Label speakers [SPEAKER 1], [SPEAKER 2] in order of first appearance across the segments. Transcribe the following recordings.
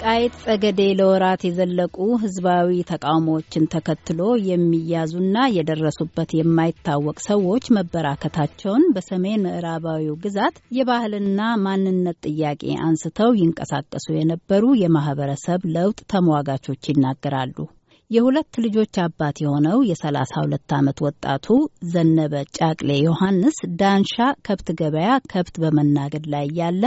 [SPEAKER 1] ወልቃይት ጸገዴ ለወራት የዘለቁ ህዝባዊ ተቃውሞዎችን ተከትሎ የሚያዙና የደረሱበት የማይታወቅ ሰዎች መበራከታቸውን በሰሜን ምዕራባዊው ግዛት የባህልና ማንነት ጥያቄ አንስተው ይንቀሳቀሱ የነበሩ የማህበረሰብ ለውጥ ተሟጋቾች ይናገራሉ። የሁለት ልጆች አባት የሆነው የ32 ዓመት ወጣቱ ዘነበ ጫቅሌ ዮሐንስ ዳንሻ ከብት ገበያ ከብት በመናገድ ላይ ያለ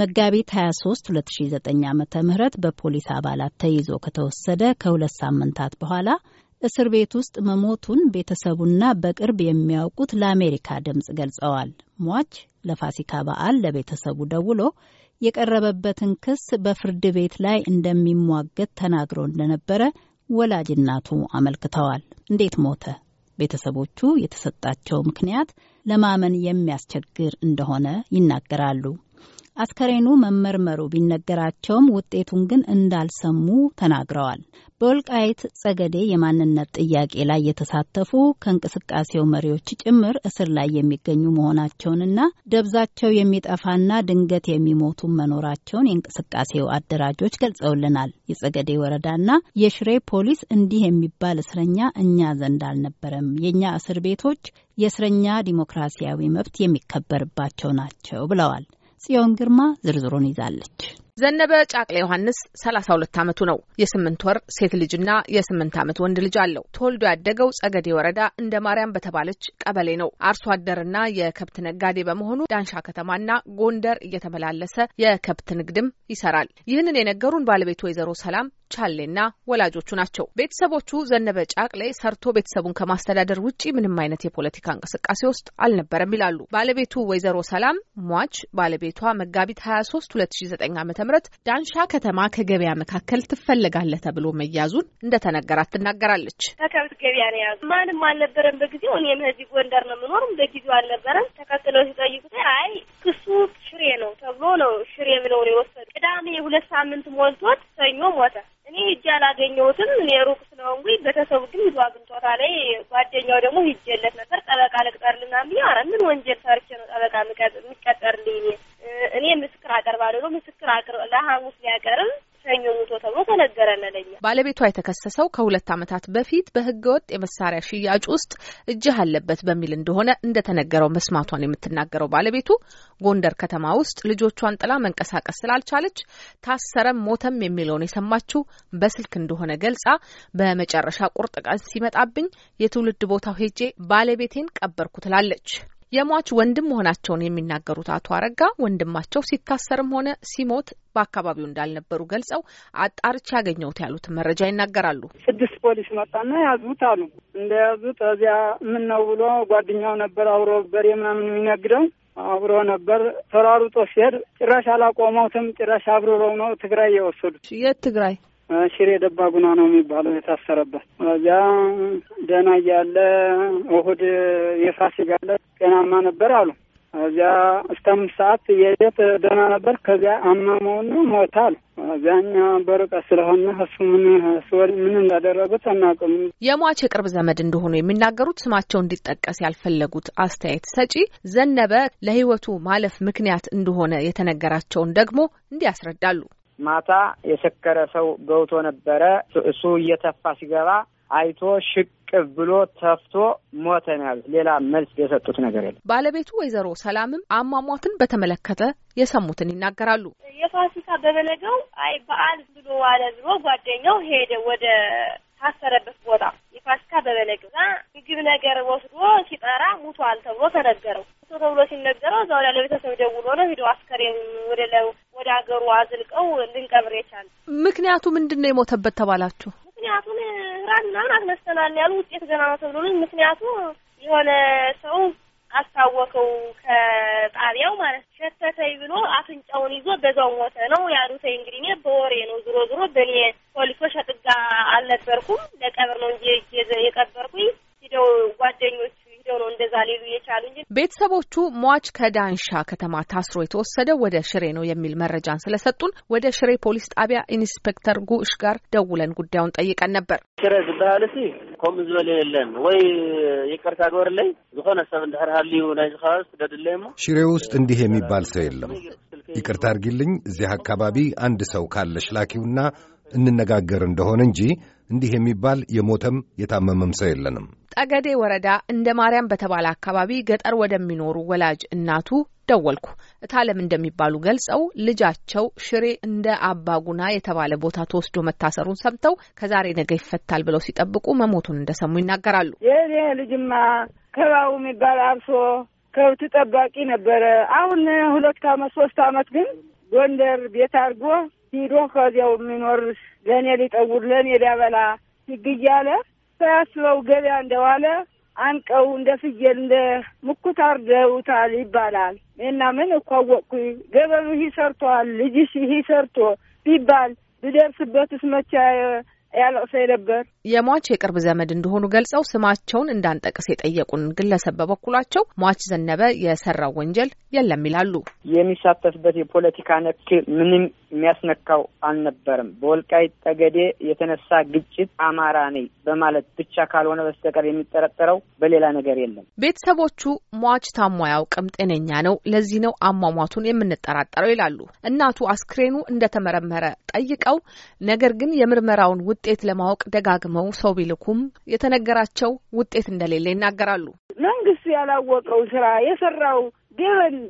[SPEAKER 1] መጋቢት 23 2009 ዓ ም በፖሊስ አባላት ተይዞ ከተወሰደ ከሁለት ሳምንታት በኋላ እስር ቤት ውስጥ መሞቱን ቤተሰቡና በቅርብ የሚያውቁት ለአሜሪካ ድምፅ ገልጸዋል። ሟች ለፋሲካ በዓል ለቤተሰቡ ደውሎ የቀረበበትን ክስ በፍርድ ቤት ላይ እንደሚሟገት ተናግሮ እንደነበረ ወላጅናቱ አመልክተዋል። እንዴት ሞተ? ቤተሰቦቹ የተሰጣቸው ምክንያት ለማመን የሚያስቸግር እንደሆነ ይናገራሉ። አስከሬኑ መመርመሩ ቢነገራቸውም ውጤቱን ግን እንዳልሰሙ ተናግረዋል። በወልቃይት ጸገዴ የማንነት ጥያቄ ላይ የተሳተፉ ከእንቅስቃሴው መሪዎች ጭምር እስር ላይ የሚገኙ መሆናቸውንና ደብዛቸው የሚጠፋና ድንገት የሚሞቱ መኖራቸውን የእንቅስቃሴው አደራጆች ገልጸውልናል። የጸገዴ ወረዳና የሽሬ ፖሊስ እንዲህ የሚባል እስረኛ እኛ ዘንድ አልነበረም፣ የእኛ እስር ቤቶች የእስረኛ ዲሞክራሲያዊ መብት የሚከበርባቸው ናቸው ብለዋል። ጽዮን ግርማ ዝርዝሩን ይዛለች።
[SPEAKER 2] ዘነበ ጫቅላ ዮሐንስ 32 ዓመቱ ነው። የስምንት ወር ሴት ልጅና የስምንት ዓመት ወንድ ልጅ አለው። ተወልዶ ያደገው ጸገዴ ወረዳ እንደ ማርያም በተባለች ቀበሌ ነው። አርሶ አደርና የከብት ነጋዴ በመሆኑ ዳንሻ ከተማና ጎንደር እየተመላለሰ የከብት ንግድም ይሰራል። ይህንን የነገሩን ባለቤቱ ወይዘሮ ሰላም ቻሌና ወላጆቹ ናቸው። ቤተሰቦቹ ዘነበ ጫቅሌ ሰርቶ ቤተሰቡን ከማስተዳደር ውጭ ምንም አይነት የፖለቲካ እንቅስቃሴ ውስጥ አልነበረም ይላሉ። ባለቤቱ ወይዘሮ ሰላም ሟች ባለቤቷ መጋቢት 23 2009 ዓ ም ዳንሻ ከተማ ከገበያ መካከል ትፈለጋለህ ተብሎ መያዙን እንደተነገራት ትናገራለች።
[SPEAKER 3] ከከብት ገበያ ነው የያዙ። ማንም አልነበረም በጊዜው። እኔም እዚህ ጎንደር ነው የምኖርም፣ በጊዜው አልነበረም። ተከትለው ሲጠይቁት አይ ክሱ ሽሬ ነው ተብሎ ነው ሽሬ ብለው ነው የወሰዱ። ቅዳሜ የሁለት ሳምንት ሞልቶት ሰኞ ሞተ። እኔ ሂጅ አላገኘሁትም። እኔ ሩቅ ስለሆንኩኝ ቤተሰቡ ግን ሂዶ አግኝቶታል። ጓደኛው ደግሞ ሂጅለት ነበር ጠበቃ
[SPEAKER 2] ባለቤቷ የተከሰሰው ከሁለት ዓመታት በፊት በህገወጥ የመሳሪያ ሽያጭ ውስጥ እጅህ አለበት በሚል እንደሆነ እንደተነገረው መስማቷን የምትናገረው ባለቤቱ ጎንደር ከተማ ውስጥ ልጆቿን ጥላ መንቀሳቀስ ስላልቻለች ታሰረም ሞተም የሚለውን የሰማችው በስልክ እንደሆነ ገልጻ በመጨረሻ ቁርጥ ቀን ሲመጣብኝ የትውልድ ቦታው ሄጄ ባለቤቴን ቀበርኩ ትላለች። የሟች ወንድም መሆናቸውን የሚናገሩት አቶ አረጋ ወንድማቸው ሲታሰርም ሆነ ሲሞት በአካባቢው እንዳልነበሩ ገልጸው አጣርቼ ያገኘሁት ያሉትን መረጃ ይናገራሉ።
[SPEAKER 4] ስድስት ፖሊስ መጣና ያዙት አሉ። እንደያዙት እዚያ ምን ነው ብሎ ጓደኛው ነበር አብሮ በሬ ምናምን የሚነግደው አብሮ ነበር። ተሯሩጦ ሲሄድ ጭራሽ አላቆመውትም። ጭራሽ አብርረው ነው ትግራይ የወሰዱት። የት ትግራይ? ሽሬ ደባ ጉና ነው የሚባለው የታሰረበት። እዚያ ደህና እያለ እሁድ የፋሲካ ዕለት ጤናማ ነበር አሉ። እዚያ እስከ አምስት ሰዓት የሄደት ደህና ነበር። ከዚያ አመመውና ሞተ አሉ። እዚያኛ በርቀት ስለሆነ እሱ ምን ምን እንዳደረጉት አናውቅም።
[SPEAKER 2] የሟች የቅርብ ዘመድ እንደሆኑ የሚናገሩት ስማቸው እንዲጠቀስ ያልፈለጉት አስተያየት ሰጪ ዘነበ ለህይወቱ ማለፍ ምክንያት እንደሆነ የተነገራቸውን ደግሞ እንዲህ ያስረዳሉ።
[SPEAKER 4] ማታ የሰከረ ሰው ገብቶ ነበረ። እሱ እየተፋ ሲገባ አይቶ ሽቅ ብሎ ተፍቶ ሞተ ነው ያሉት። ሌላ መልስ የሰጡት ነገር የለም።
[SPEAKER 2] ባለቤቱ ወይዘሮ ሰላምም አሟሟትን በተመለከተ የሰሙትን ይናገራሉ። የፋሲካ
[SPEAKER 3] በበለገው አይ በዓል ብሎ ዋለ ብሎ ጓደኛው ሄደ ወደ ታሰረበት ቦታ የፋሲካ በበነገው ምግብ ነገር ወስዶ ሲጠራ ሙቷል ተብሎ ተነገረው። ተብሎ ሲነገረው እዛው ላይ ለቤተሰብ ደውሎ ነው ሂዶ አስከሬን ወደ ወደ ሀገሩ አዝልቀው ልንቀብር የቻል።
[SPEAKER 2] ምክንያቱ ምንድን ነው የሞተበት ተባላችሁ?
[SPEAKER 3] ምክንያቱም ህራን ምናምን አስነስተናል ያሉ ውጤት ገና ነው ተብሎ ምክንያቱ የሆነ ሰው አስታወቀው ከጣቢያው ማለት ሸተተኝ ብሎ አፍንጫውን ይዞ በዛው ሞተ ነው ያሉተኝ። እንግዲህ እኔ በወሬ ነው ዝሮ ዝሮ በእኔ ፖሊሶች አጥጋ አልነበርኩም ለቀብር ነው እንጂ የቀብር
[SPEAKER 2] ቤተሰቦቹ ሟች ከዳንሻ ከተማ ታስሮ የተወሰደው ወደ ሽሬ ነው የሚል መረጃን ስለሰጡን ወደ ሽሬ ፖሊስ ጣቢያ ኢንስፔክተር ጉሽ ጋር ደውለን ጉዳዩን ጠይቀን ነበር።
[SPEAKER 4] ሽሬ ዝበሃል እቲ ከምኡ ዝበለ የለን ወይ ይቅርታ ግበርለይ ዝኾነ ሰብ እንድሕር ሃልዩ ናይ ዝኸባቢ ስደድለ ሞ
[SPEAKER 3] ሽሬ ውስጥ እንዲህ የሚባል ሰው የለም። ይቅርታ አድርጊልኝ፣ እዚህ አካባቢ አንድ ሰው ካለሽ ላኪውና እንነጋገር እንደሆነ እንጂ እንዲህ የሚባል የሞተም የታመመም ሰው የለንም።
[SPEAKER 2] ጠገዴ ወረዳ እንደ ማርያም በተባለ አካባቢ ገጠር ወደሚኖሩ ወላጅ እናቱ ደወልኩ። እታለም እንደሚባሉ ገልጸው ልጃቸው ሽሬ እንደ አባጉና የተባለ ቦታ ተወስዶ መታሰሩን ሰምተው ከዛሬ ነገ ይፈታል ብለው ሲጠብቁ መሞቱን እንደሰሙ ይናገራሉ።
[SPEAKER 4] ይህ ልጅማ ከባቡ የሚባል አርሶ ከብት ጠባቂ ነበረ። አሁን ሁለት አመት ሶስት አመት ግን ጎንደር ቤት አድርጎ ሂዶ ከዚያው የሚኖር ለእኔ ሊጠውር ለእኔ ሊያበላ ህግ እያለ ሳያስበው ገበያ እንደዋለ አንቀው እንደ ፍየል እንደ ምኩት አርደውታል ይባላል እና ምን እኮ አወቅኩ ገበኑ ይህ ሰርቷል ልጅሽ ይህ ሰርቶ ቢባል ብደርስበት መቻ ያለቅሰ ነበር።
[SPEAKER 2] የሟች የቅርብ ዘመድ እንደሆኑ ገልጸው ስማቸውን እንዳንጠቅስ የጠየቁን ግለሰብ በበኩላቸው ሟች ዘነበ የሰራው ወንጀል የለም ይላሉ። የሚሳተፍበት የፖለቲካ ነክ ምንም
[SPEAKER 4] የሚያስነካው አልነበረም። በወልቃይ ጠገዴ የተነሳ ግጭት አማራ ነኝ በማለት ብቻ ካልሆነ በስተቀር የሚጠረጠረው በሌላ ነገር የለም።
[SPEAKER 2] ቤተሰቦቹ ሟች ታሞ አያውቅም፣ ጤነኛ ነው። ለዚህ ነው አሟሟቱን የምንጠራጠረው ይላሉ። እናቱ አስክሬኑ እንደተመረመረ ጠይቀው፣ ነገር ግን የምርመራውን ውጤት ለማወቅ ደጋግመው ሰው ቢልኩም የተነገራቸው ውጤት እንደሌለ ይናገራሉ።
[SPEAKER 4] መንግስት ያላወቀው ስራ የሰራው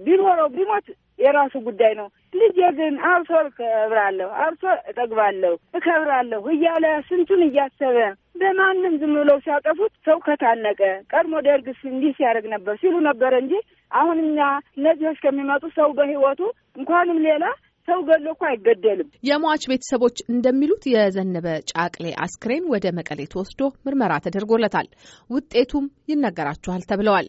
[SPEAKER 4] ቢኖረው ቢሞት የራሱ ጉዳይ ነው። ልጄ ግን አብሶ እከብራለሁ፣ አብሶ እጠግባለሁ፣ እከብራለሁ እያለ ስንቱን እያሰበ በማንም ዝም ብለው ሲያጠፉት ሰው ከታነቀ ቀድሞ ደርግስ እንዲህ ሲያደርግ ነበር ሲሉ ነበር እንጂ
[SPEAKER 2] አሁን እኛ እነዚህ እስከሚመጡ ሰው በህይወቱ እንኳንም ሌላ ሰው ገሎ እኮ አይገደልም። የሟች ቤተሰቦች እንደሚሉት የዘነበ ጫቅሌ አስክሬን ወደ መቀሌ ተወስዶ ምርመራ ተደርጎለታል። ውጤቱም ይነገራችኋል ተብለዋል።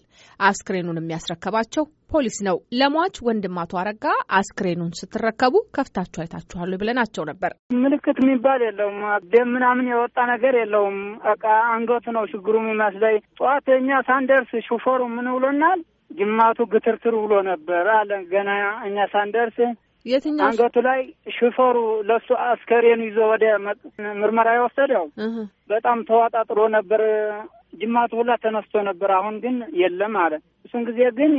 [SPEAKER 2] አስክሬኑን የሚያስረከባቸው ፖሊስ ነው። ለሟች ወንድም አቶ አረጋ አስክሬኑን ስትረከቡ ከፍታችሁ አይታችኋሉ ብለናቸው ነበር።
[SPEAKER 4] ምልክት የሚባል የለውም። ደም ምናምን የወጣ ነገር የለውም። በቃ አንገቱ ነው ችግሩ የሚመስለኝ። ጠዋት እኛ ሳንደርስ ሹፌሩ ምን ብሎናል? ጅማቱ ግትርትር ብሎ ነበር አለ ገና እኛ ሳንደርስ የትኛው አንገቱ ላይ ሽፈሩ ለሱ አስከሬን ይዞ ወደ ምርመራ የወሰደው በጣም ተዋጣጥሮ ነበር። ጅማቱ ሁላ ተነስቶ ነበር። አሁን ግን የለም አለ። እሱን ጊዜ ግን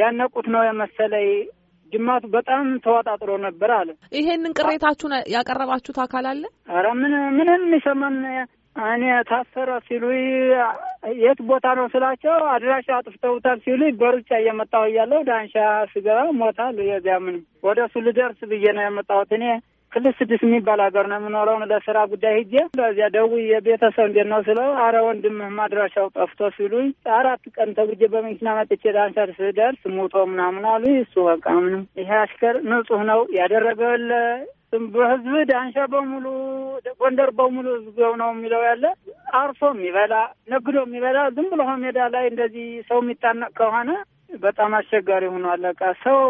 [SPEAKER 4] ያነቁት ነው የመሰለኝ። ጅማቱ በጣም ተዋጣጥሮ ነበር አለ።
[SPEAKER 1] ይሄንን
[SPEAKER 2] ቅሬታችሁን ያቀረባችሁት አካል አለ?
[SPEAKER 4] ኧረ ምን ምንም የሚሰማን እኔ ታሰረ ሲሉ የት ቦታ ነው ስላቸው አድራሻ አጥፍተውታል ሲሉ በሩጫ እየመጣሁ እያለሁ ዳንሻ ስገባ ሞታል። የዚያ ምን ወደ እሱ ልደርስ ብዬ ነው የመጣሁት እኔ ክልል ስድስት የሚባል ሀገር ነው የምኖረውን ለስራ ጉዳይ ሂጄ በዚያ ደውዬ ቤተሰብ እንዴት ነው ስለው አረ ወንድምህ ማድራሻው ጠፍቶ ሲሉኝ አራት ቀን ተጉጄ በመኪና መጥቼ ዳንሳ ስደርስ ሙቶ ምናምን አሉ። እሱ በቃ ምንም ይሄ አሽከር ንጹህ ነው ያደረገለ በህዝብ ዳንሻ በሙሉ ጎንደር በሙሉ ህዝብ ነው የሚለው ያለ አርሶ የሚበላ ነግዶ የሚበላ ዝም ብሎ ሜዳ ላይ እንደዚህ ሰው የሚታነቅ ከሆነ በጣም አስቸጋሪ ሆኖ አለቃ ሰው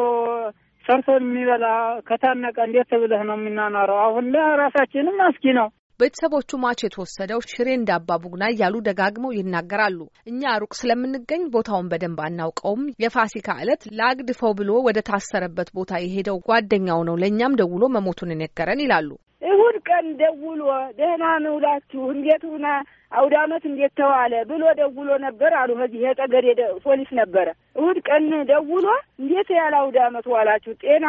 [SPEAKER 4] ሰርቶ የሚበላ ከታነቀ እንዴት ብለህ
[SPEAKER 2] ነው የሚናኗረው? አሁን ለራሳችንም አስጊ ነው። ቤተሰቦቹ ማች የተወሰደው ሽሬ እንዳባ ቡግና እያሉ ደጋግመው ይናገራሉ። እኛ ሩቅ ስለምንገኝ ቦታውን በደንብ አናውቀውም። የፋሲካ ዕለት ለአግድፈው ብሎ ወደ ታሰረበት ቦታ የሄደው ጓደኛው ነው ለእኛም ደውሎ መሞቱን የነገረን ይላሉ።
[SPEAKER 4] እሁድ ቀን ደውሎ ደህና ንውላችሁ እንዴት ሁና አውደ አመት እንዴት ተዋለ ብሎ ደውሎ ነበር አሉ። በዚህ የጠገዴ ፖሊስ ነበረ። እሁድ ቀን ደውሎ እንዴት ያለ አውደ አመት ዋላችሁ፣ ጤና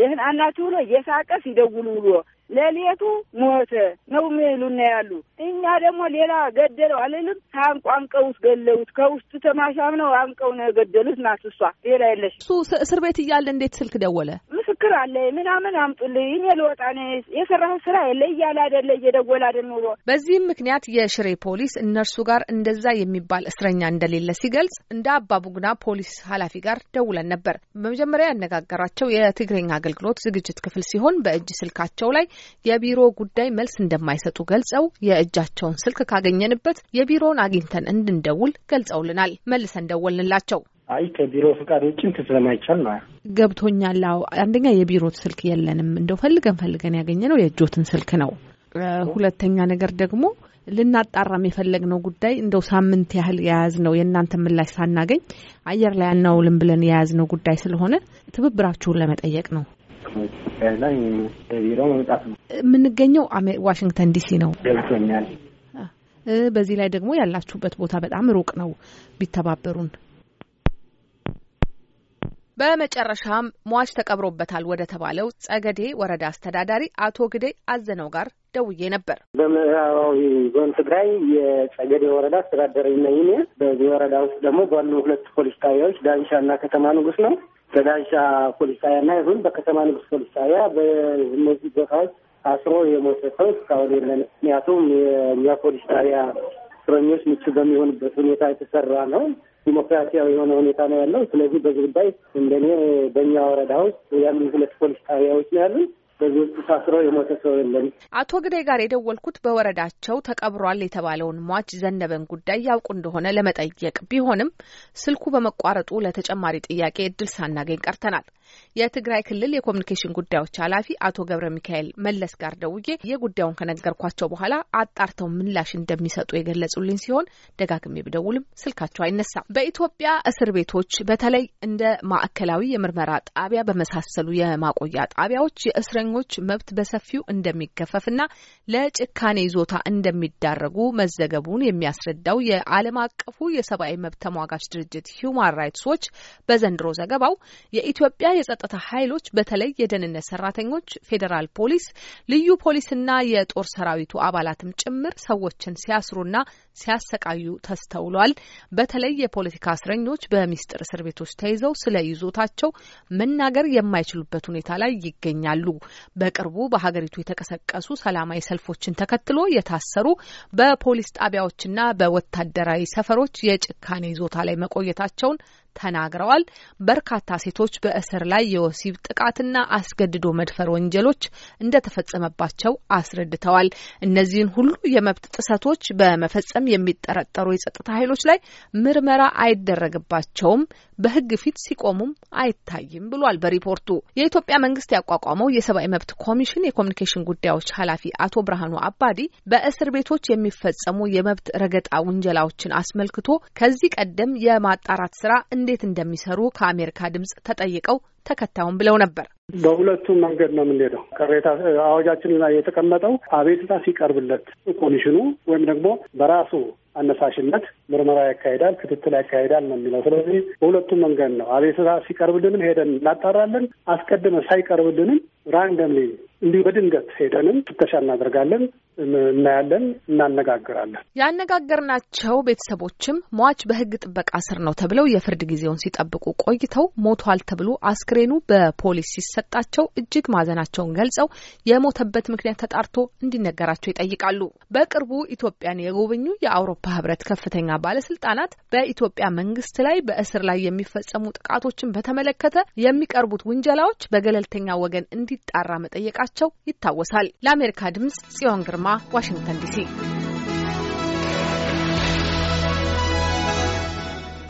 [SPEAKER 4] ደህና ናችሁ ብሎ እየሳቀ ሲደውሉ ውሎ ሌሊቱ ሞተ ነው የሚሉና ያሉ እኛ ደግሞ ሌላ ገደለው አልልም። ታንቆ አንቀውስ ገለውት። ከውስጥ ተማሻም ነው አንቀው ነው የገደሉት። ናት
[SPEAKER 2] እሷ ሌላ የለሽ። እሱ እስር ቤት እያለ እንዴት ስልክ ደወለ? ምስክር አለ ምናምን አምጡልኝ፣ እኔ ልወጣ ነው፣ የሰራሁት ስራ የለ እያለ አደለ እየደወለ አደል ኑሮ። በዚህም ምክንያት የሽሬ ፖሊስ እነርሱ ጋር እንደዛ የሚባል እስረኛ እንደሌለ ሲገልጽ እንደ አባ ቡግና ፖሊስ ኃላፊ ጋር ደውለን ነበር። በመጀመሪያ ያነጋገራቸው የትግረኛ አገልግሎት ዝግጅት ክፍል ሲሆን በእጅ ስልካቸው ላይ የቢሮ ጉዳይ መልስ እንደማይሰጡ ገልጸው የእጃቸውን ስልክ ካገኘንበት የቢሮውን አግኝተን እንድንደውል ገልጸውልናል። መልሰን ደወልንላቸው።
[SPEAKER 4] አይ ከቢሮ ፍቃድ ውጭ እንትን ስለማይቻል ነው
[SPEAKER 2] ገብቶኛል። አዎ አንደኛ የቢሮ ስልክ የለንም፣ እንደው ፈልገን ፈልገን ያገኘነው የእጆትን ስልክ ነው። ሁለተኛ ነገር ደግሞ ልናጣራም የፈለግነው ጉዳይ እንደው ሳምንት ያህል የያዝነው የእናንተ ምላሽ ሳናገኝ አየር ላይ አናውልም ብለን የያዝነው ጉዳይ ስለሆነ ትብብራችሁን ለመጠየቅ ነው።
[SPEAKER 4] ላይ መምጣት ነው።
[SPEAKER 2] የምንገኘው ዋሽንግተን ዲሲ ነው በዚህ ላይ ደግሞ ያላችሁበት ቦታ በጣም ሩቅ ነው፣ ቢተባበሩን። በመጨረሻም ሟች ተቀብሮበታል ወደ ተባለው ጸገዴ ወረዳ አስተዳዳሪ አቶ ግዴ አዘነው ጋር ደውዬ ነበር።
[SPEAKER 4] በምዕራባዊ ዞን ትግራይ የጸገዴ ወረዳ አስተዳደር ነኝ። በዚህ ወረዳ ውስጥ ደግሞ ባሉ ሁለት ፖሊስ ጣቢያዎች ዳንሻ ከተማ ንጉስ ነው። በዳንሻ ፖሊስ ጣቢያና ይሁን በከተማ ንጉስ ፖሊስ ጣቢያ በእነዚህ ቦታዎች አስሮ የሞተ ሰው እስካሁን የለን። ምክንያቱም የእኛ ፖሊስ ጣቢያ እስረኞች ምቹ በሚሆንበት ሁኔታ የተሰራ ነው። ዲሞክራሲያዊ የሆነ ሁኔታ ነው ያለው። ስለዚህ በዚህ ጉዳይ እንደኔ በእኛ ወረዳ ውስጥ ያሉ ሁለት ፖሊስ ጣቢያዎች ነው ያሉን። በዚህ ውስጥ ታስሮ የሞተ ሰው የለም።
[SPEAKER 2] አቶ ግዴ ጋር የደወልኩት በወረዳቸው ተቀብሯል የተባለውን ሟች ዘነበን ጉዳይ ያውቁ እንደሆነ ለመጠየቅ ቢሆንም ስልኩ በመቋረጡ ለተጨማሪ ጥያቄ እድል ሳናገኝ ቀርተናል። የትግራይ ክልል የኮሚኒኬሽን ጉዳዮች ኃላፊ አቶ ገብረ ሚካኤል መለስ ጋር ደውዬ የጉዳዩን ከነገርኳቸው በኋላ አጣርተው ምላሽ እንደሚሰጡ የገለጹልኝ ሲሆን ደጋግሜ ብደውልም ስልካቸው አይነሳም። በኢትዮጵያ እስር ቤቶች በተለይ እንደ ማዕከላዊ የምርመራ ጣቢያ በመሳሰሉ የማቆያ ጣቢያዎች የእስረ የእስረኞች መብት በሰፊው እንደሚገፈፍና ለጭካኔ ይዞታ እንደሚዳረጉ መዘገቡን የሚያስረዳው የዓለም አቀፉ የሰብአዊ መብት ተሟጋች ድርጅት ሂውማን ራይትስ ዎች በዘንድሮ ዘገባው የኢትዮጵያ የጸጥታ ኃይሎች በተለይ የደህንነት ሰራተኞች፣ ፌዴራል ፖሊስ፣ ልዩ ፖሊስና የጦር ሰራዊቱ አባላትም ጭምር ሰዎችን ሲያስሩና ሲያሰቃዩ ተስተውሏል። በተለይ የፖለቲካ እስረኞች በሚስጥር እስር ቤቶች ተይዘው ስለ ይዞታቸው መናገር የማይችሉበት ሁኔታ ላይ ይገኛሉ። በቅርቡ በሀገሪቱ የተቀሰቀሱ ሰላማዊ ሰልፎችን ተከትሎ የታሰሩ በፖሊስ ጣቢያዎችና በወታደራዊ ሰፈሮች የጭካኔ ይዞታ ላይ መቆየታቸውን ተናግረዋል። በርካታ ሴቶች በእስር ላይ የወሲብ ጥቃትና አስገድዶ መድፈር ወንጀሎች እንደተፈጸመባቸው አስረድተዋል። እነዚህን ሁሉ የመብት ጥሰቶች በመፈጸም የሚጠረጠሩ የጸጥታ ኃይሎች ላይ ምርመራ አይደረግባቸውም፣ በሕግ ፊት ሲቆሙም አይታይም ብሏል። በሪፖርቱ የኢትዮጵያ መንግስት ያቋቋመው የሰብአዊ መብት ኮሚሽን የኮሚኒኬሽን ጉዳዮች ኃላፊ አቶ ብርሃኑ አባዲ በእስር ቤቶች የሚፈጸሙ የመብት ረገጣ ውንጀላዎችን አስመልክቶ ከዚህ ቀደም የማጣራት ስራ እንዴት እንደሚሰሩ ከአሜሪካ ድምጽ ተጠይቀው ተከታዩም ብለው ነበር።
[SPEAKER 4] በሁለቱም መንገድ ነው የምንሄደው። ቅሬታ አዋጃችን ላይ የተቀመጠው አቤቱታ ሲቀርብለት ኮሚሽኑ ወይም ደግሞ በራሱ አነሳሽነት ምርመራ ያካሄዳል፣ ክትትል ያካሄዳል ነው የሚለው። ስለዚህ በሁለቱም መንገድ ነው። አቤቱታ ሲቀርብልንም ሄደን እናጣራለን። አስቀድመ ሳይቀርብልንም ራንደምሊ እንዲሁ በድንገት ሄደንም ፍተሻ እናደርጋለን። እናያለን፣ እናነጋግራለን።
[SPEAKER 2] ያነጋገርናቸው ቤተሰቦችም ሟች በህግ ጥበቃ ስር ነው ተብለው የፍርድ ጊዜውን ሲጠብቁ ቆይተው ሞቷል ተብሎ አስክሬኑ በፖሊስ ሲሰጣቸው እጅግ ማዘናቸውን ገልጸው የሞተበት ምክንያት ተጣርቶ እንዲነገራቸው ይጠይቃሉ። በቅርቡ ኢትዮጵያን የጎበኙ የአውሮፓ ህብረት ከፍተኛ ባለስልጣናት በኢትዮጵያ መንግስት ላይ በእስር ላይ የሚፈጸሙ ጥቃቶችን በተመለከተ የሚቀርቡት ውንጀላዎች በገለልተኛ ወገን እንዲጣራ መጠየቃቸው ይታወሳል። ለአሜሪካ ድምጽ ጽዮን ግርማ ግርማ ዋሽንግተን ዲሲ